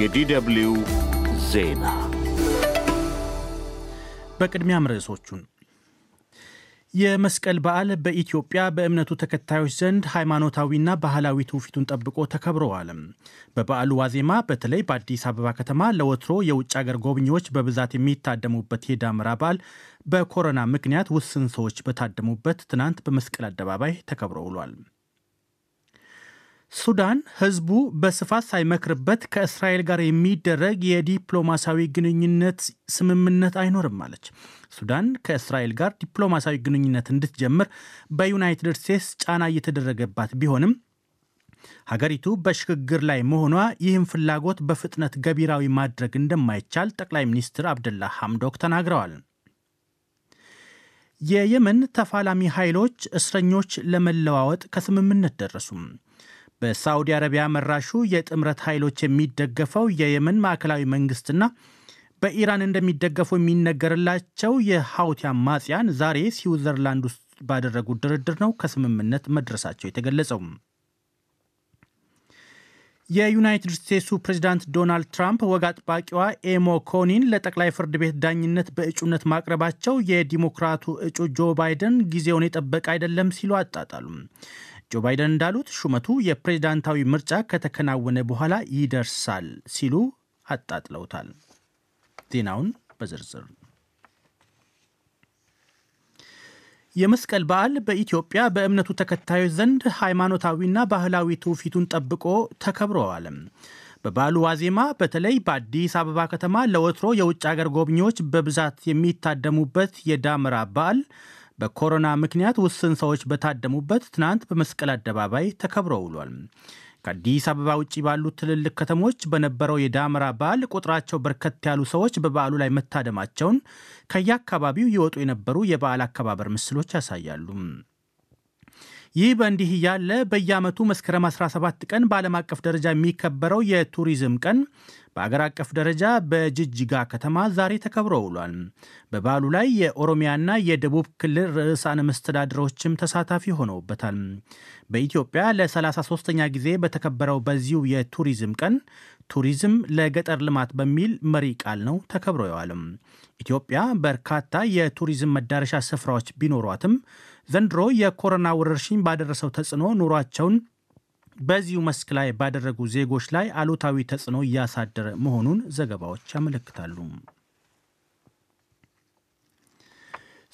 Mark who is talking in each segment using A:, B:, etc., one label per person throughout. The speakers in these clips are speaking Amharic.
A: የዲደብልዩ ዜና በቅድሚያም ርዕሶቹን። የመስቀል በዓል በኢትዮጵያ በእምነቱ ተከታዮች ዘንድ ሃይማኖታዊና ባህላዊ ትውፊቱን ጠብቆ ተከብረዋል። በበዓሉ ዋዜማ በተለይ በአዲስ አበባ ከተማ ለወትሮ የውጭ አገር ጎብኚዎች በብዛት የሚታደሙበት የዳመራ በዓል በኮሮና ምክንያት ውስን ሰዎች በታደሙበት ትናንት በመስቀል አደባባይ ተከብሮ ውሏል። ሱዳን ህዝቡ በስፋት ሳይመክርበት ከእስራኤል ጋር የሚደረግ የዲፕሎማሲያዊ ግንኙነት ስምምነት አይኖርም አለች። ሱዳን ከእስራኤል ጋር ዲፕሎማሲያዊ ግንኙነት እንድትጀምር በዩናይትድ ስቴትስ ጫና እየተደረገባት ቢሆንም ሀገሪቱ በሽግግር ላይ መሆኗ ይህም ፍላጎት በፍጥነት ገቢራዊ ማድረግ እንደማይቻል ጠቅላይ ሚኒስትር አብደላ ሐምዶክ ተናግረዋል። የየመን ተፋላሚ ኃይሎች እስረኞች ለመለዋወጥ ከስምምነት ደረሱም። በሳዑዲ አረቢያ መራሹ የጥምረት ኃይሎች የሚደገፈው የየመን ማዕከላዊ መንግስትና በኢራን እንደሚደገፉ የሚነገርላቸው የሐውቲ አማጽያን ዛሬ ስዊዘርላንድ ውስጥ ባደረጉት ድርድር ነው ከስምምነት መድረሳቸው የተገለጸው። የዩናይትድ ስቴትሱ ፕሬዚዳንት ዶናልድ ትራምፕ ወግ አጥባቂዋ ኤሞ ኮኒን ለጠቅላይ ፍርድ ቤት ዳኝነት በእጩነት ማቅረባቸው የዲሞክራቱ እጩ ጆ ባይደን ጊዜውን የጠበቀ አይደለም ሲሉ አጣጣሉ። ጆ ባይደን እንዳሉት ሹመቱ የፕሬዝዳንታዊ ምርጫ ከተከናወነ በኋላ ይደርሳል ሲሉ አጣጥለውታል። ዜናውን በዝርዝር የመስቀል በዓል በኢትዮጵያ በእምነቱ ተከታዮች ዘንድ ሃይማኖታዊና ባህላዊ ትውፊቱን ጠብቆ ተከብረዋል። በባሉ ዋዜማ በተለይ በአዲስ አበባ ከተማ ለወትሮ የውጭ አገር ጎብኚዎች በብዛት የሚታደሙበት የዳመራ በዓል በኮሮና ምክንያት ውስን ሰዎች በታደሙበት ትናንት በመስቀል አደባባይ ተከብሮ ውሏል። ከአዲስ አበባ ውጭ ባሉት ትልልቅ ከተሞች በነበረው የዳመራ በዓል ቁጥራቸው በርከት ያሉ ሰዎች በበዓሉ ላይ መታደማቸውን ከየአካባቢው ይወጡ የነበሩ የበዓል አከባበር ምስሎች ያሳያሉ። ይህ በእንዲህ እያለ በየዓመቱ መስከረም 17 ቀን በዓለም አቀፍ ደረጃ የሚከበረው የቱሪዝም ቀን በአገር አቀፍ ደረጃ በጅጅጋ ከተማ ዛሬ ተከብሮ ውሏል። በበዓሉ ላይ የኦሮሚያና የደቡብ ክልል ርዕሳነ መስተዳድሮችም ተሳታፊ ሆነውበታል። በኢትዮጵያ ለ33ኛ ጊዜ በተከበረው በዚሁ የቱሪዝም ቀን ቱሪዝም ለገጠር ልማት በሚል መሪ ቃል ነው ተከብሮ ኢትዮጵያ በርካታ የቱሪዝም መዳረሻ ስፍራዎች ቢኖሯትም ዘንድሮ የኮሮና ወረርሽኝ ባደረሰው ተጽዕኖ ኑሯቸውን በዚሁ መስክ ላይ ባደረጉ ዜጎች ላይ አሉታዊ ተጽዕኖ እያሳደረ መሆኑን ዘገባዎች ያመለክታሉ።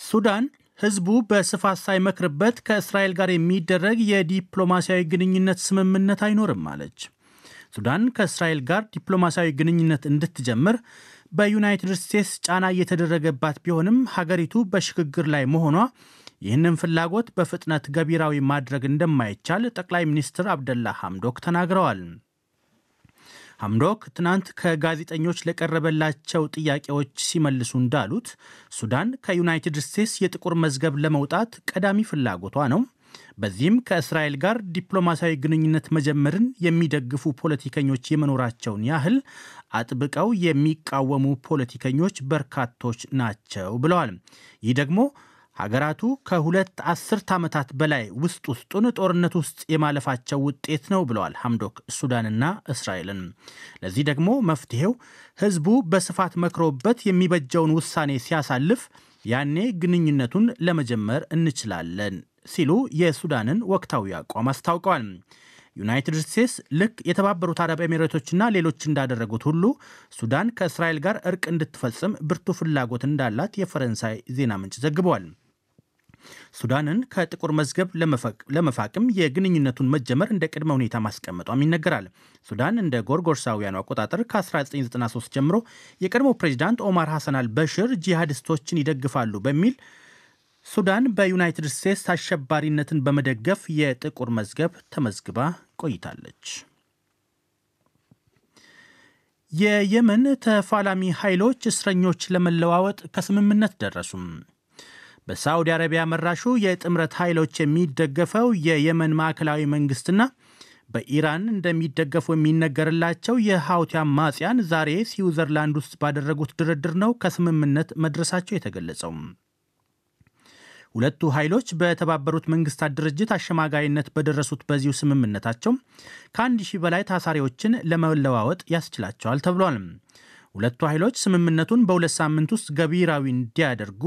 A: ሱዳን ህዝቡ በስፋት ሳይመክርበት ከእስራኤል ጋር የሚደረግ የዲፕሎማሲያዊ ግንኙነት ስምምነት አይኖርም አለች። ሱዳን ከእስራኤል ጋር ዲፕሎማሲያዊ ግንኙነት እንድትጀምር በዩናይትድ ስቴትስ ጫና እየተደረገባት ቢሆንም ሀገሪቱ በሽግግር ላይ መሆኗ ይህንን ፍላጎት በፍጥነት ገቢራዊ ማድረግ እንደማይቻል ጠቅላይ ሚኒስትር አብደላ ሐምዶክ ተናግረዋል። ሐምዶክ ትናንት ከጋዜጠኞች ለቀረበላቸው ጥያቄዎች ሲመልሱ እንዳሉት ሱዳን ከዩናይትድ ስቴትስ የጥቁር መዝገብ ለመውጣት ቀዳሚ ፍላጎቷ ነው። በዚህም ከእስራኤል ጋር ዲፕሎማሲያዊ ግንኙነት መጀመርን የሚደግፉ ፖለቲከኞች የመኖራቸውን ያህል አጥብቀው የሚቃወሙ ፖለቲከኞች በርካቶች ናቸው ብለዋል። ይህ ደግሞ ሀገራቱ ከሁለት አስርት ዓመታት በላይ ውስጥ ውስጡን ጦርነት ውስጥ የማለፋቸው ውጤት ነው ብለዋል ሐምዶክ ሱዳንና እስራኤልን። ለዚህ ደግሞ መፍትሄው ህዝቡ በስፋት መክሮበት የሚበጀውን ውሳኔ ሲያሳልፍ ያኔ ግንኙነቱን ለመጀመር እንችላለን ሲሉ የሱዳንን ወቅታዊ አቋም አስታውቀዋል። ዩናይትድ ስቴትስ ልክ የተባበሩት አረብ ኤሚሬቶችና ሌሎች እንዳደረጉት ሁሉ ሱዳን ከእስራኤል ጋር እርቅ እንድትፈጽም ብርቱ ፍላጎት እንዳላት የፈረንሳይ ዜና ምንጭ ዘግቧል። ሱዳንን ከጥቁር መዝገብ ለመፋቅም የግንኙነቱን መጀመር እንደ ቅድመ ሁኔታ ማስቀመጧም ይነገራል። ሱዳን እንደ ጎርጎርሳውያኑ አቆጣጠር ከ1993 ጀምሮ የቀድሞ ፕሬዚዳንት ኦማር ሐሰን አልበሽር ጂሃዲስቶችን ይደግፋሉ በሚል ሱዳን በዩናይትድ ስቴትስ አሸባሪነትን በመደገፍ የጥቁር መዝገብ ተመዝግባ ቆይታለች። የየመን ተፋላሚ ኃይሎች እስረኞች ለመለዋወጥ ከስምምነት ደረሱም። በሳዑዲ አረቢያ መራሹ የጥምረት ኃይሎች የሚደገፈው የየመን ማዕከላዊ መንግስትና በኢራን እንደሚደገፉ የሚነገርላቸው የሐውቲ አማጽያን ዛሬ ስዊዘርላንድ ውስጥ ባደረጉት ድርድር ነው ከስምምነት መድረሳቸው የተገለጸው። ሁለቱ ኃይሎች በተባበሩት መንግስታት ድርጅት አሸማጋይነት በደረሱት በዚሁ ስምምነታቸው ከአንድ ሺህ በላይ ታሳሪዎችን ለመለዋወጥ ያስችላቸዋል ተብሏል። ሁለቱ ኃይሎች ስምምነቱን በሁለት ሳምንት ውስጥ ገቢራዊ እንዲያደርጉ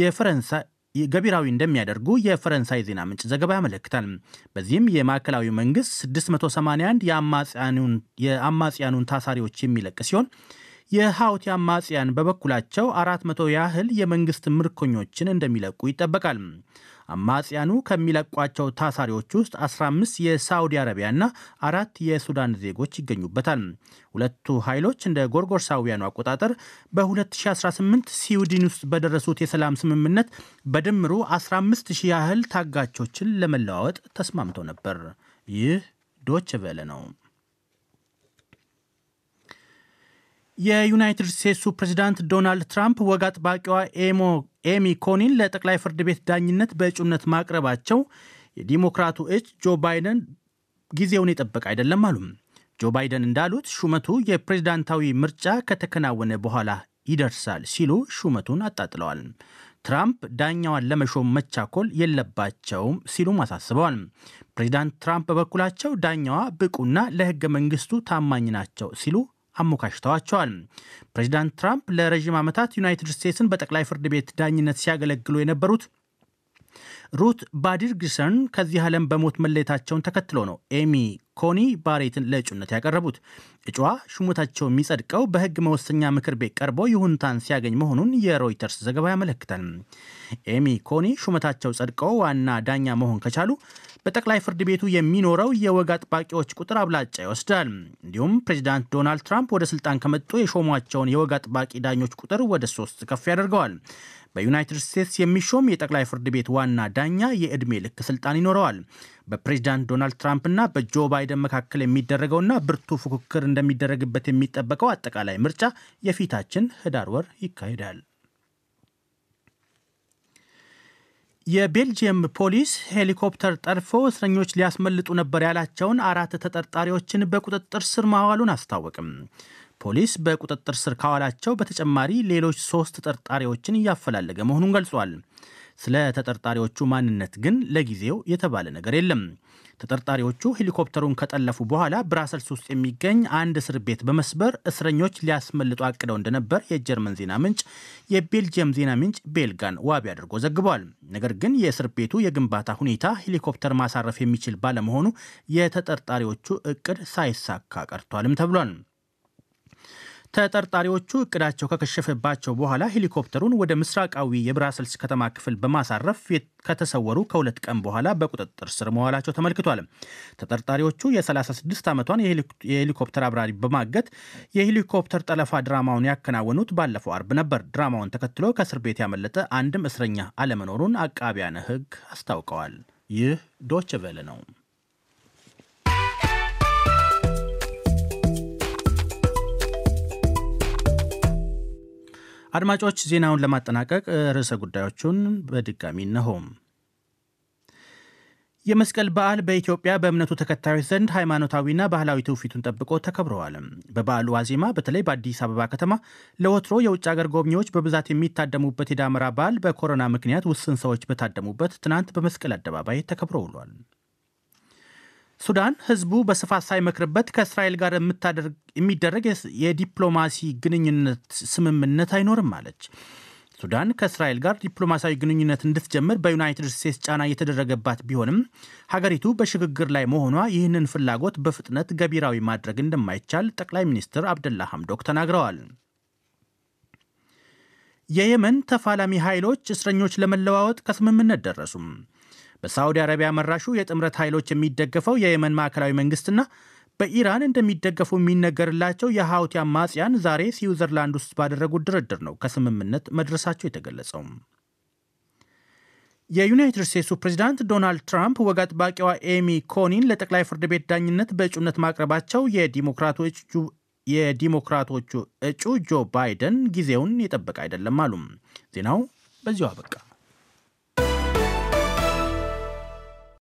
A: የፈረንሳይ ገቢራዊ እንደሚያደርጉ የፈረንሳይ ዜና ምንጭ ዘገባ ያመለክታል። በዚህም የማዕከላዊ መንግስት 681 የአማጽያኑን ታሳሪዎች የሚለቅ ሲሆን የሐውቲ አማጽያን በበኩላቸው 400 ያህል የመንግስት ምርኮኞችን እንደሚለቁ ይጠበቃል። አማጽያኑ ከሚለቋቸው ታሳሪዎች ውስጥ 15 የሳዑዲ አረቢያና አራት የሱዳን ዜጎች ይገኙበታል። ሁለቱ ኃይሎች እንደ ጎርጎርሳውያኑ አቆጣጠር በ2018 ስዊድን ውስጥ በደረሱት የሰላም ስምምነት በድምሩ 15 ሺህ ያህል ታጋቾችን ለመለዋወጥ ተስማምተው ነበር። ይህ ዶች ቬለ ነው። የዩናይትድ ስቴትሱ ፕሬዚዳንት ዶናልድ ትራምፕ ወግ አጥባቂዋ ኤሞ ኤሚ ኮኒን ለጠቅላይ ፍርድ ቤት ዳኝነት በእጩነት ማቅረባቸው የዲሞክራቱ እጅ ጆ ባይደን ጊዜውን የጠበቀ አይደለም አሉ። ጆ ባይደን እንዳሉት ሹመቱ የፕሬዝዳንታዊ ምርጫ ከተከናወነ በኋላ ይደርሳል ሲሉ ሹመቱን አጣጥለዋል። ትራምፕ ዳኛዋን ለመሾም መቻኮል የለባቸውም ሲሉም አሳስበዋል። ፕሬዚዳንት ትራምፕ በበኩላቸው ዳኛዋ ብቁና ለሕገ መንግስቱ ታማኝ ናቸው ሲሉ አሞካሽተዋቸዋል። ፕሬዚዳንት ትራምፕ ለረዥም ዓመታት ዩናይትድ ስቴትስን በጠቅላይ ፍርድ ቤት ዳኝነት ሲያገለግሉ የነበሩት ሩት ባዲርግሰን ከዚህ ዓለም በሞት መለየታቸውን ተከትሎ ነው ኤሚ ኮኒ ባሬትን ለእጩነት ያቀረቡት። እጩዋ ሹመታቸው የሚጸድቀው በሕግ መወሰኛ ምክር ቤት ቀርቦ ይሁንታን ሲያገኝ መሆኑን የሮይተርስ ዘገባ ያመለክታል። ኤሚ ኮኒ ሹመታቸው ጸድቀው ዋና ዳኛ መሆን ከቻሉ በጠቅላይ ፍርድ ቤቱ የሚኖረው የወግ አጥባቂዎች ቁጥር አብላጫ ይወስዳል። እንዲሁም ፕሬዚዳንት ዶናልድ ትራምፕ ወደ ስልጣን ከመጡ የሾሟቸውን የወግ አጥባቂ ዳኞች ቁጥር ወደ ሶስት ከፍ ያደርገዋል። በዩናይትድ ስቴትስ የሚሾም የጠቅላይ ፍርድ ቤት ዋና ዳኛ የዕድሜ ልክ ስልጣን ይኖረዋል። በፕሬዚዳንት ዶናልድ ትራምፕና በጆ ባይደን መካከል የሚደረገውና ብርቱ ፉክክር እንደሚደረግበት የሚጠበቀው አጠቃላይ ምርጫ የፊታችን ህዳር ወር ይካሄዳል። የቤልጅየም ፖሊስ ሄሊኮፕተር ጠርፎ እስረኞች ሊያስመልጡ ነበር ያላቸውን አራት ተጠርጣሪዎችን በቁጥጥር ስር ማዋሉን አስታወቅም። ፖሊስ በቁጥጥር ስር ካዋላቸው በተጨማሪ ሌሎች ሶስት ተጠርጣሪዎችን እያፈላለገ መሆኑን ገልጿል። ስለ ተጠርጣሪዎቹ ማንነት ግን ለጊዜው የተባለ ነገር የለም። ተጠርጣሪዎቹ ሄሊኮፕተሩን ከጠለፉ በኋላ ብራሰልስ ውስጥ የሚገኝ አንድ እስር ቤት በመስበር እስረኞች ሊያስመልጡ አቅደው እንደነበር የጀርመን ዜና ምንጭ የቤልጅየም ዜና ምንጭ ቤልጋን ዋቢ አድርጎ ዘግቧል። ነገር ግን የእስር ቤቱ የግንባታ ሁኔታ ሄሊኮፕተር ማሳረፍ የሚችል ባለመሆኑ የተጠርጣሪዎቹ እቅድ ሳይሳካ ቀርቷልም ተብሏል። ተጠርጣሪዎቹ እቅዳቸው ከከሸፈባቸው በኋላ ሄሊኮፕተሩን ወደ ምስራቃዊ የብራሰልስ ከተማ ክፍል በማሳረፍ ከተሰወሩ ከሁለት ቀን በኋላ በቁጥጥር ስር መዋላቸው ተመልክቷል። ተጠርጣሪዎቹ የ36 ዓመቷን የሄሊኮፕተር አብራሪ በማገት የሄሊኮፕተር ጠለፋ ድራማውን ያከናወኑት ባለፈው አርብ ነበር። ድራማውን ተከትሎ ከእስር ቤት ያመለጠ አንድም እስረኛ አለመኖሩን አቃቢያነ ሕግ አስታውቀዋል። ይህ ዶችቬለ ነው። አድማጮች ዜናውን ለማጠናቀቅ ርዕሰ ጉዳዮቹን በድጋሚ እነሆ። የመስቀል በዓል በኢትዮጵያ በእምነቱ ተከታዮች ዘንድ ሃይማኖታዊና ባህላዊ ትውፊቱን ጠብቆ ተከብረዋል። በበዓሉ ዋዜማ በተለይ በአዲስ አበባ ከተማ ለወትሮ የውጭ አገር ጎብኚዎች በብዛት የሚታደሙበት የዳመራ በዓል በኮሮና ምክንያት ውስን ሰዎች በታደሙበት ትናንት በመስቀል አደባባይ ተከብሮ ውሏል። ሱዳን ህዝቡ በስፋት ሳይመክርበት ከእስራኤል ጋር የሚደረግ የዲፕሎማሲ ግንኙነት ስምምነት አይኖርም አለች። ሱዳን ከእስራኤል ጋር ዲፕሎማሲያዊ ግንኙነት እንድትጀምር በዩናይትድ ስቴትስ ጫና እየተደረገባት ቢሆንም ሀገሪቱ በሽግግር ላይ መሆኗ ይህንን ፍላጎት በፍጥነት ገቢራዊ ማድረግ እንደማይቻል ጠቅላይ ሚኒስትር አብደላ ሐምዶክ ተናግረዋል። የየመን ተፋላሚ ኃይሎች እስረኞች ለመለዋወጥ ከስምምነት ደረሱም። በሳዑዲ አረቢያ መራሹ የጥምረት ኃይሎች የሚደገፈው የየመን ማዕከላዊ መንግስትና በኢራን እንደሚደገፉ የሚነገርላቸው የሐውቲ አማጽያን ዛሬ ስዊዘርላንድ ውስጥ ባደረጉት ድርድር ነው ከስምምነት መድረሳቸው የተገለጸው። የዩናይትድ ስቴትሱ ፕሬዚዳንት ዶናልድ ትራምፕ ወግ አጥባቂዋ ኤሚ ኮኒን ለጠቅላይ ፍርድ ቤት ዳኝነት በእጩነት ማቅረባቸው የዲሞክራቶቹ እጩ ጆ ባይደን ጊዜውን የጠበቀ አይደለም አሉ። ዜናው በዚሁ አበቃ።